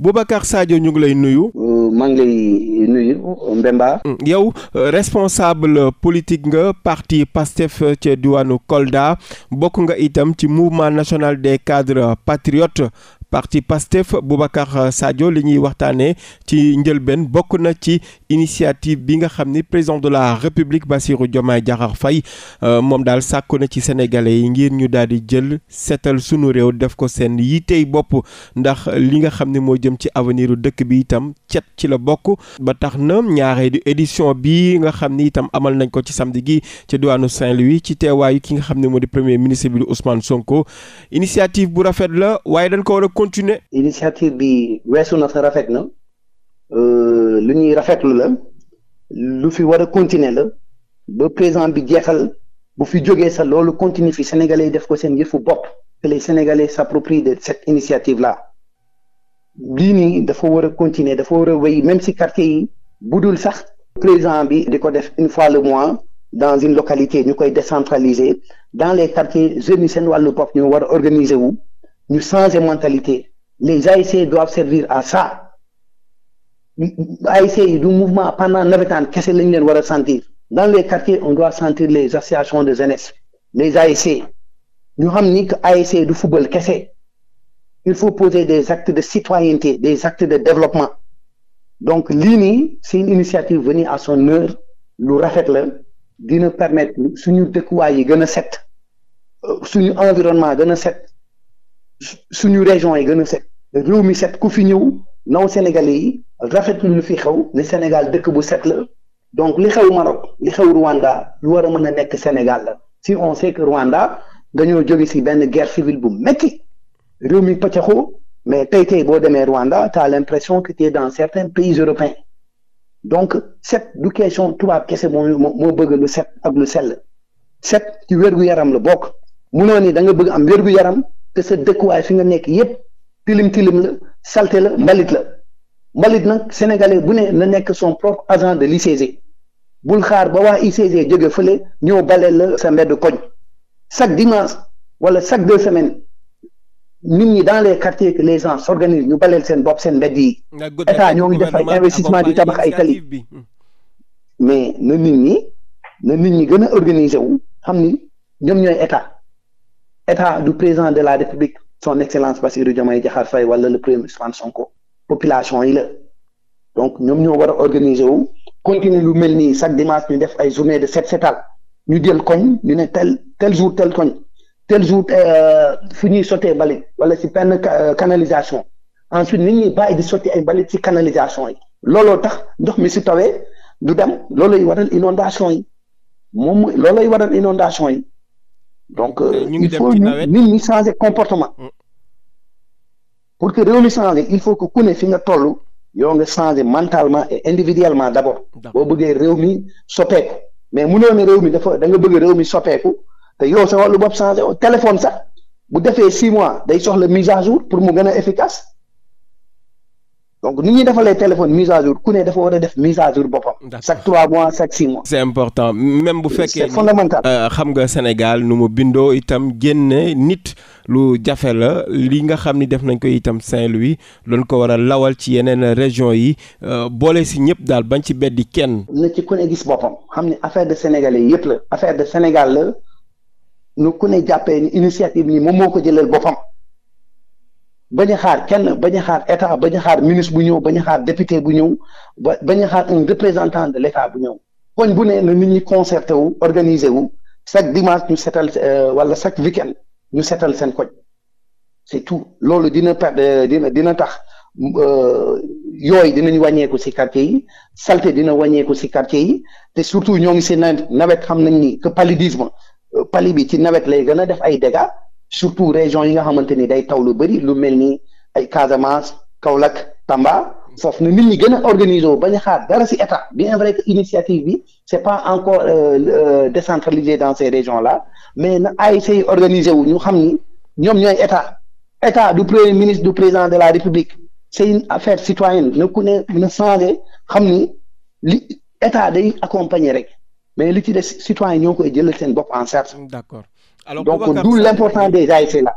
Boubacar Sadio ñu ngi lay nuyu. Euh, maa ngi lay nuyu Mbemba. Mm, yow euh, responsable politique nga parti PASTEF euh, ca diwaanu Kolda bokk nga itam ci mouvement national des cadres patriotes parti PASTEF Boubacar Sadio li ñuy waxtaanee ci njëlbeen bokk na ci initiative bi nga xam ni président de la république Bassirou Diomaye Diakhar fay euh, moom daal sàkku na ci sénégalais yi ngir ñu daal di jël seetal sunu réew def ko seen tey bopp ndax li nga xam ne moo jëm ci avenir dëkk bi itam cet ci la bokk ba tax na di édition bi nga xam ni itam amal nañ ko ci samedi gi ci diwaanu Saint-Louis ci teewaayu ki nga xam ne moo di premier ministre bi Ousmane Sonko initiative bu rafet la continuer. initiative bi weesu na sa rafet na euh, lu ñuy rafetlu la lu fi war a continuer la ba présent bi jeexal bu fi jógee sax loolu continuer fi sénégalais yi def ko seen yëfu bopp que les sénégalais s'approprient de cette initiative là lii nii dafa war a continuer dafa war a wéy même si quartier yi dul sax président bi di ko def une fois le mois. dans une localité ñu koy décentraliser dans les quartiers jeunes yi seen wàllu bopp ñu war a organiser wu ñu changer mentalité les ASC doivent servir à ça ASC yi du mouvement pendant navétane kese la ñu leen war a sentir dans les quartiers on doit sentir les associations de jeunesse les ASC ñu xam ni que ASC du football kese il faut poser des actes de citoyenneté des actes de développement donc lii nii c'est une initiative venue à son heure lu rafet la dina permettre suñu dëkkuwaay yi gën a set euh, suñu environnement gën a set su ñu région yi gën a set réew mi set ku fi ñëw naw Sénégalais yi rafetlu lu fi xew ne Sénégal dëkk bu set la donc li xew Maroc li xew Rwanda lu war a mën a nekk Sénégal la si on sait que Rwanda dañoo jóge si benn guerre civile bu métti réew mi paccaxoo mais tey tey boo demee Rwanda t'as l'impression que tu es dans certains pays européens donc set du question tubaab kese moo moo bëgg lu set ak lu sell set ci wér gu yaram la bokk munoo ni da nga bëgg am wér yaram. que dëkkuwaay fi nga nekk yépp tilim tilim la salté la mbalit la mbalit nag sénégalais bu ne na nekk son propre agent de li l'ICG bul xaar ba waa ICG jóge fële ñëw bale la sa mbedd koñ chaque dimanche wala chaque deux semaines nit ñi dans les quartiers que les gens s'organisent ñu baleel seen bopp seen mbedd yi état ñoo ngi def ay investissement di tabax ay tali mais na nit ñi na nit ñi gën a organiser wu xam ni ñoom ñooy état état du président de la république son excellence Bassirou Diomaye Diakhar Faye wala le premier ministre Ousmane Sonko population yi la donc ñoom ñoo war a organiser wu continuer lu mel ni chaque dimanche ñu def ay journée de set setal ñu jël koñ ñu ne tel tel jour tel koñ tel jour euh, fi ñuy sottee mbalit wala si benn euh, canalisation ensuite nit ñi bàyyi di sotti ay mbalit si canalisation yi looloo tax ndox mi si tawee du dem loolooy waral inondation yi moom loolooy waral inondation yi donc euh, il faut ñu ni ñi changer comportement mm. pour que réew mi changer il faut que ku ne fi nga toll yow nga changer mentalement et individuellement d' abord boo bëggee réew mi soppeeku mais mënoo ne réew mi dafa da nga bëgg réew mi soppeeku te yow sa wàllu bopp changer téléphone sax bu defee six mois day soxla mise à jour pour mu gën a efficace donc ni ñuy defalee téléphone mise à jour ku ne dafa war a def mise à jour boppam. chaque trois mois chaque six mois. c'est important même bu fekkee. c'est fondamental euh, xam nga Sénégal nu mu bindoo itam génne nit lu jafe la li nga xam ni def nañ ko itam Saint-Louis doon ko war a lawal ci yeneen région yi euh, boole si ñëpp daal bañ ci beddi kenn. na ci ku ne gis boppam xam ne affaire de sénégalais yëpp la affaire de Sénégal la nu ku ne jàppee ni initiative ni moom moo ko jëlal boppam. bañ xaar kenn bañ a xaar état bañ xaar ministre bu ñëw bañ a xaar député bu ñëw ba bañ a xaar un représentant de l' bu ñëw koñ bu ne na nit ñi concerté wu organisé wu chaque dimanche ñu seetal euh, wala chaque weekend ñu seetal seen koñ c' tout loolu dina perdre euh, dina dina tax euh, yooyu dinañ wàññeeku si quartier yi salté dina wàññeeku si quartier yi te surtout ñoo ngi si nawet xam nañ ni que paludisme pali bi ci nawet lay gën a def ay déga surtout région yi nga xamante ni day taw lu bëri lu mel ni ay Casamance Kaolack Tamba foofu na nit ñi gën a organiser wu bañ a dara si état bi vrai initiative bi c' est pas encore euh, euh, décentralisé dans ces régions là mais na ASC yi organiser wu ñu xam ni ñoom ñooy état état du premier ministre du président de la république c' est une affaire na ku ne na changé xam ni li état day accompagner rek mais li ci des citoyen ñoo koy jëlal seen bopp en charge. d' accord. alors donc d'où l'important des ASC là.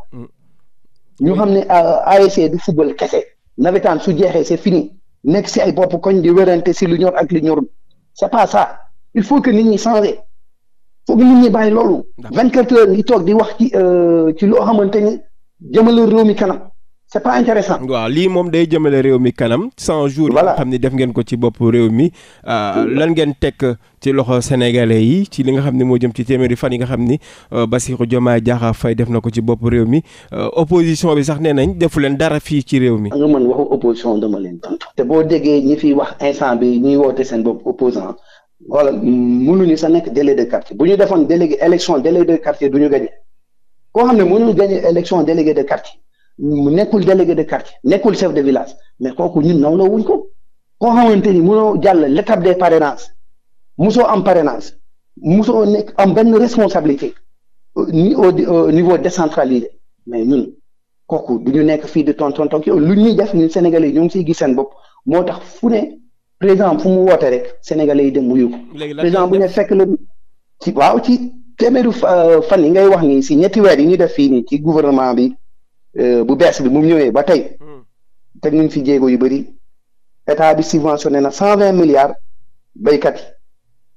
ñu xam ne euh, ASC du football kese. nawetaan su jeexee se fini nekk si ay bopp koñ di wérante si lu ñor ak lu ñorul c'est pas ça il faut que nit ñi changer faut que nit ñi bàyyi loolu. vingt quatre heures ngi toog di wax ci euh, ci loo xamante ni jëmale réew mi kanam. c'est pas intéressant waaw lii moom day jëmale réew mi kanam cent jour yi nga xam ni def ngeen ko ci bopp réew mi euh, lan ngeen teg ci loxo sénégalais yi ci li nga xam ne moo jëm ci téeméeri fan yi nga xam ni euh, Bassirou Diomaye Diakhar fay def na ko ci bopp réew mi euh, opposition bi sax nee nañ defu leen dara fii ci réew mi nga mën waxu opposition dama leen tontu te boo déggee ñi fiy wax instant bi ñuy woote seen bopp opposant wala mënuñu sa nekk délégué de quartier bu ñu defoon délégué élection délégué de quartier du ñu gagné koo xam ne mënul gagné élection délégué de quartier nekkul délégué de quartier nekkul chef de village mais kooku ñun nawloo wuñ ko koo xamante ni mënoo jàll l'étape des parrainages musoo am parrainage musoo nekk am benn responsabilité euh, ni au euh, niveau décentralisé mais ñun kooku du ñu nekk fii di tonton tonki lu ñuy def ñun sénégalais yi ñoo ngi siy gis seen bopp moo tax fu ne président fu mu woote rek sénégalais yi dem wuyu ko président bu ne fekk la ci waaw ci téeméeru euh, fan yi ngay wax nii si ñetti weer yi ñu def fii nii ci gouvernement bi Euh, bu bees bi mu ñëwee ba tey hmm. teg nuñ fi jéego yu bëri état bi subventionné na cent vingt milliards béykat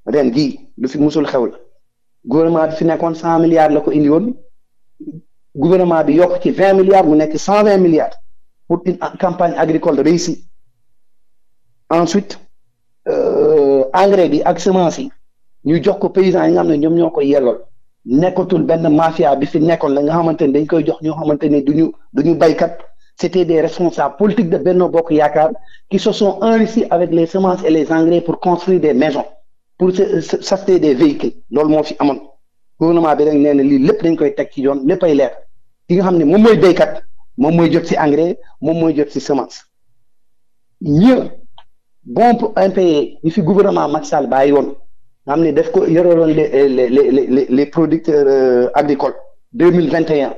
yi ren jii lu fi musul xew la gouvernement bi fi nekkoon cent milliards la ko indi woon gouvernement bi yokk ci vingt milliards bu nekk cent vingt milliards pour une campagne agricole réussie ensuite euh, engrais bi ak semence yi ñu jox ko paysans yi nga xam ne ñoom ñoo koy yellool nekkatul benn mafia bi fi nekkoon la nga xamante ni dañ koy jox ñoo xamante ni duñu duñu baykat c'était des responsables politiques de Benno Bokk Yaakaar qui se sont enrichis avec les semences et les engrais pour construire des maisons pour s'acheter des véhicules loolu moo fi amoon gouvernement bi rek nee na lii lépp dañ koy teg ci yoon léppay leer ki nga xam ne moom mooy béykat moom mooy jot ci engrais moom mooy jot ci semence ñi bon impayé ñi fi gouvernement Macky Sall bàyyi woon nga xam ne daf ko yoraloon le le les les producteurs euh, agricoles deux mille vingt et un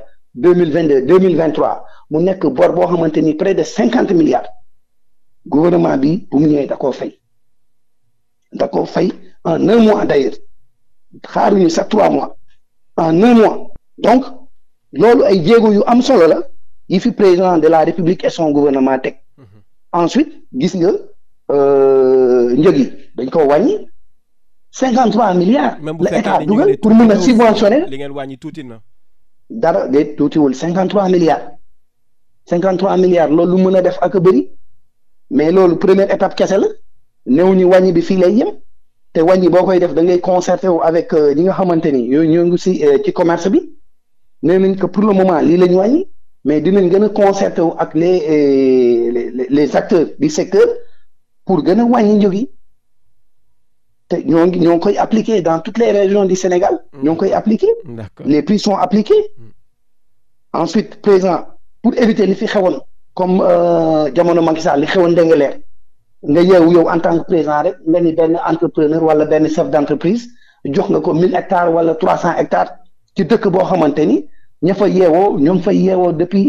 mille vingt deux deux mille vingt mu nekk bor boo xamante ni près de cinquante milliards gouvernement bi bu mu ñëwee da koo fay da koo fay en un mois d' ailleurs xaaruñu mois en un mois donc loolu ay jéego yu am solo la yi fi président de la république et son gouvernement teg mm-hmm. ensuite gis nga euh, njëg yi dañ ko wàññi. 53 milliards. la état dugal pour mun a subventionner. li ngeen wàññi tuuti na. dara de tuutiwul cinquante 53 milliards. 53 milliards loolu lu mën a def ak a bëri mais loolu première étape kese la néew ñu wàññi bi fi lay yem te wàññi boo koy def da ngay concerté wu avec euh, ñi nga xamante ni yooyu ñoo ngi si euh, ci commerce bi nee nañ que pour le moment lii la ñu wàññi mais dinañ gën a concerté wu ak les euh, les acteurs du secteur pour gën a wàññi njëg yi te ñoo ngi ñoo ngi koy appliqué dans toutes les régions du Sénégal. Mm. ñoo ngi koy appliqué. les prix sont appliqués. Mm. ensuite président pour éviter li fi xewoon comme euh, jamono Macky Sall li xewoon dégg nga leer nga yeewu yow en tant que président rek mel ni entrepreneur wala benn chef d' entreprise jox nga ko 1000 hectares wala trois 300 hectares ci dëkk bo xamante ni ña fa yeewoo ñoom fa yeewoo depuis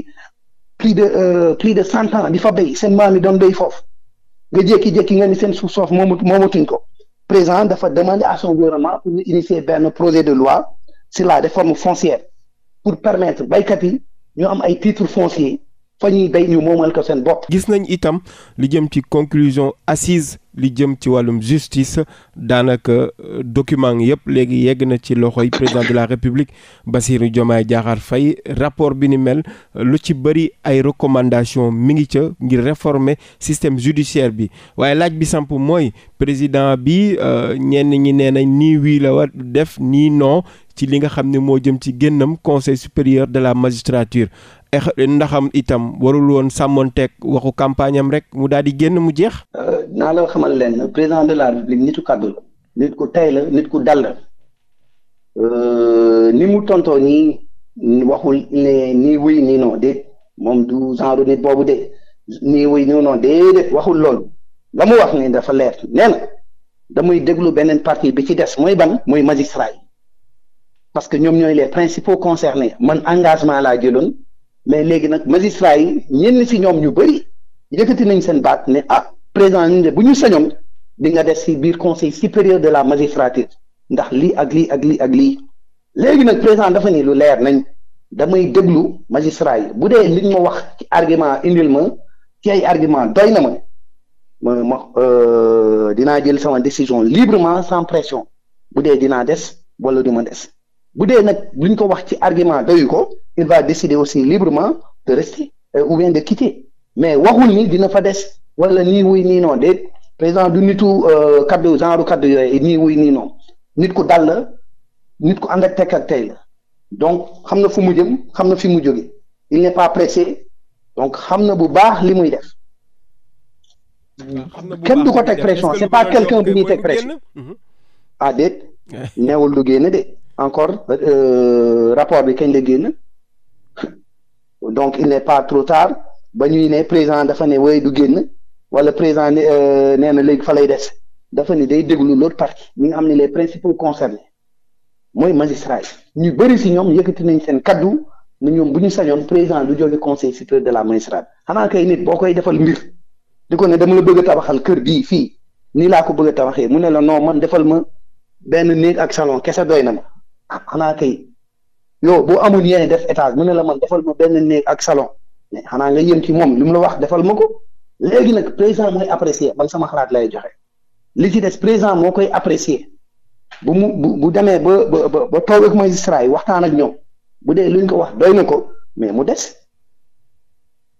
plus de euh, plus de cent ans di fa béy seen maam yi doon béy foofu nga jékki-jékki nga ni seen suuf soof moomatuñ ko. président dafa demander à son gouvernement pour ñu initier benn projet de loi sur la réforme foncière pour permettre baykat yi ñu am ay titres fonciers fa ñuy bay ñu moomal ko seen bopp. gis nañ itam li jëm ci conclusion assise li jëm ci wàllum justice daanaka euh, document yëpp léegi yegg na ci loxoy président de la république Bassirou Diomaye Diakhar Faye rapport bi ni mel euh, lu ci bëri ay recommandation mi ngi ca ngir réformer système judiciaire bi waaye laaj bi samp mooy président bi euh, ñenn ñi nee nañ nii wii la war def nii non ci li nga xam ne moo jëm ci génnam conseil supérieur de la magistrature ndaxam itam warul woon sàmmonteeg waxu campagne rek mu daal di génn mu jeex. Euh, naa la xamal leen président de la république nitu kàddu la nit ku tey la nit ku dal la euh, ni mu tontoo nii waxul nii wuy nii non déet moom du genre nit boobu de nii wuy nii non déedéet waxul loolu la mu wax ni dafa leer nee damay déglu beneen partie bi ci des mooy ban mooy magistrat yi que ñoom ñooy les principaux concernés man engagement laa jëloon. mais léegi nag magistrats yi ñenn si ñoom ñu bëri yëkkati nañ seen baat ne ah président bu ñu señoon di nga des si biir conseil supérieur de la magistrature ndax lii ak lii ak lii ak lii léegi nag président dafa ni lu leer nañ damay déglu magistrat yi bu dee liñ ma wax ci argument indil ma ci ay argument doy na ma ma ma euh, dinaa jël sama décision librement sans pression bu dee dinaa des wala du ma des bu dee nag luñ ko wax ci argument doyu ko il va décider aussi librement de rester euh, ou bien de quitter mais waxul ni dina fa des wala nii wuy nii non déet président du nitu kaddu euh, genre kaddu yooyu nii wuy nii non nit ku dal la nit ku ànd ak tekk tey la donc xam na fu mu jëm xam na fi mu jóge il n'est pas pressé donc xam na bu baax li muy def kenn du ko teg pression c'est pas quelqu'un bi ñuy teg pression mhm. ah déet neewul du génn de encore euh, rapport bi kañ la génn donc il n'est pas trop tard ba ñuy nee président dafa ne way du génn wala président euh, nee na léegi fa lay des dafa ne day déglu l'autre partie ñi nga xam ne les principaux concernés mooy magistrat ñu bëri si ñoom yëkkati nañ seen kaddu ne ñoom bu ñu sañoon président du joxe conseil supérieur de la magistrature xanaa kay nit boo koy defal mbir di ko ne dama la bëgg tabaxal kër bii fii nii laa ko bëgg a tabaxee mu ne la non man defal ma benn néeg ak salon kese doy na ma ah, xanaa kay. yow bo amul yéene def étage mu ne la man defal ma benn ne ak salon mais xanaa nga yéen ci moom li mu la wax defal ma ko léegi nag président mooy apprécier man sama xalaat lay joxe li ci des président moo koy apprécier bu mu bu bu demee ba ba ba toog ak magistrat yi waxtaan ak ñoom bu dee luñ ko wax doy na ko mais mu des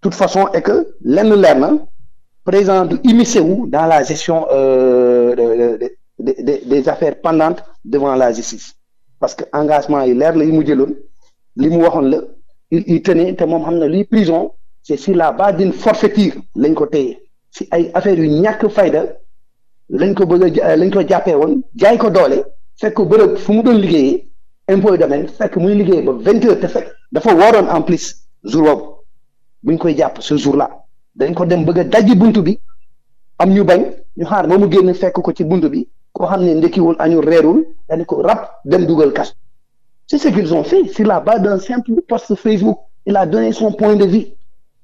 tout façon est que lenn leer na président du immiscé wu dans la gestion euh, de, de, des affaires pendantes devant la justice parce que engagement yi leer la yi mu jëloon li mu waxoon la il tenait te moom xam na luy prison c'est sur la base d'une forfaiture lañ ko téye si ay affaires yu ñàkk fayda lañ ko bëgg a lañ ko jàppee woon jaay ko doole fekk ko bërëb fu mu doon liggéeyee impôt domaine fekk muy liggéey ba vingt heures te fekk dafa waroon en plus jour boobu buñ koy jàpp ce jour là dañ ko dem bëgg a dajji buntu bi am ñu bañ ñu xaar ba mu génn fekk ko ci bunt bi koo xam ne ndekkiwul añu reerul dañu ko rap dem dugal kas c'est ce qu'ils ont fait sur la base d'un simple post Facebook il a donné son point de vue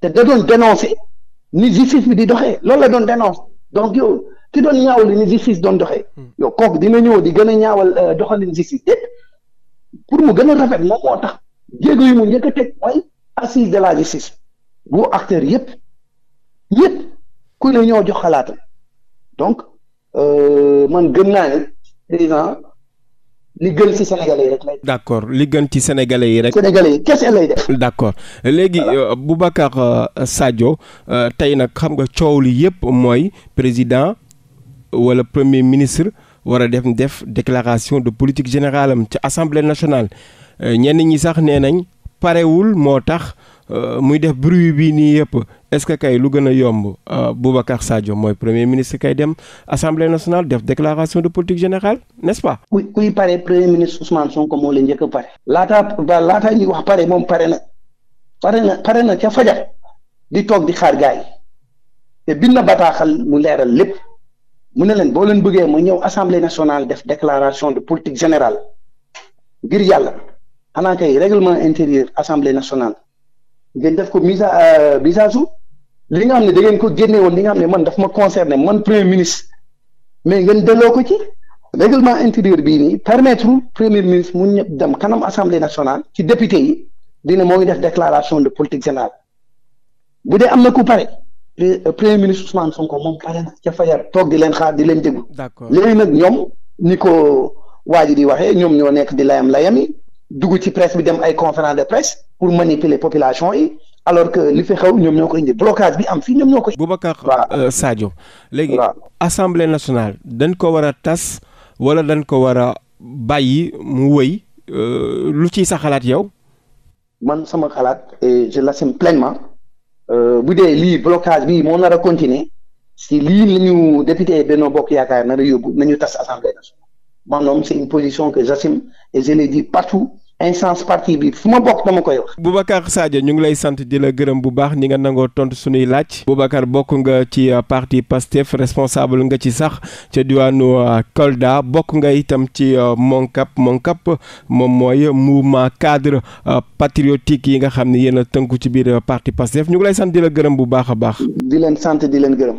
te da doon dénoncer ni justice bi di doxe lool la doon dénonce donc yow ki doon ñaawal ni justice doon doxee hmm. yow kooku dina ñëw di gën a ñaawal euh, doxalin justice déet pour mu gën a rafet moom moo tax jéego yi mu njëkk a teg mooy assise de la justice bu acteur yëpp yëpp ku ne ñoo jox xalaatam donc euh, man gëm naa li gën ci sénégalais yi rek lay. d' li gën ci sénégalais yi rek. sénégalais yi kese lay def. d' accord léegi euh, Boubacar euh, Sadio euh, tey nag xam nga coow li yëpp mooy président wala premier ministre war a def def déclaration de politique générale am ci assemblée nationale ñenn ñi sax nee nañ parewul moo tax muy def bruit bii nii yëpp. est-ce que kay lu gën a yomb euh, Boubacar Sadio mooy premier ministre kay dem assemblée nationale def déclaration de politique générale n'est-ce pas. kuy kuy pare premier ministre Ousmane Sonko moo leen njëkk a pare. laataa ba laataa wax pare moom pare na pare na pare na ca fajar di toog di xaar gaay te bind na bataaxal mu leeral lépp mu ne leen boo leen bëggee ma ñëw assemblée nationale def déclaration de politique général ngir yàlla xanaa kay règlement intérieur assemblée nationale. ngeen def ko mise à euh, mise li nga xam ne da ngeen ko génne woon li nga xam ne man daf ma concerné man premier ministre mais ngeen delloo ko ci règlement intérieur bii nii permettre premier ministre mu ñëpp dem kanam assemblée nationale ci député yi dina moo ngi def déclaration de politique générale bu dee am na ku pare euh, premier ministre Ousmane Sonko moom pare na ca fajar toog di leen xaar di leen déglu léegi nag ñoom ni ko waa ji di waxe ñoom ñoo nekk di layam layami dugg ci presse bi dem ay conférence de presse pour manipuler population yi alors que li fi xew ñoom ñoo ko indi blocage bi am fii ñoom ñoo ko. Boubacar euh, Sadio. léegi assemblée nationale dañ ko war a tas wala dañ ko war a bàyyi mu wëy euh, lu ciy sa xalaat yow. man sama xalaat et je l'assume pleinement euh, bu dee lii blocage bi moo nar a continuer si lii la ñu député Benno Bokk Yaakaar na a yóbbu nañu tas assemblée nationale. maanaam c'est une position que j'assume et je l'ai dit partout instance parti bi fu ma bokk dama koy wax. Boubacar ñu ngi lay sant di la gërëm bu baax ni nga nangoo tontu suñuy laaj. Boubacar bokk nga ci euh, parti PASTEF responsable nga ci sax ca diwaanu euh, Kolda bokk nga itam ci euh, MONCAP monkap moom mooy mu mouvement cadre patriotique yi nga xam ni yéen a tënku ci biir parti PASTEF ñu ngi lay sant di la gërëm bu baax a baax. di leen sant di leen gërëm.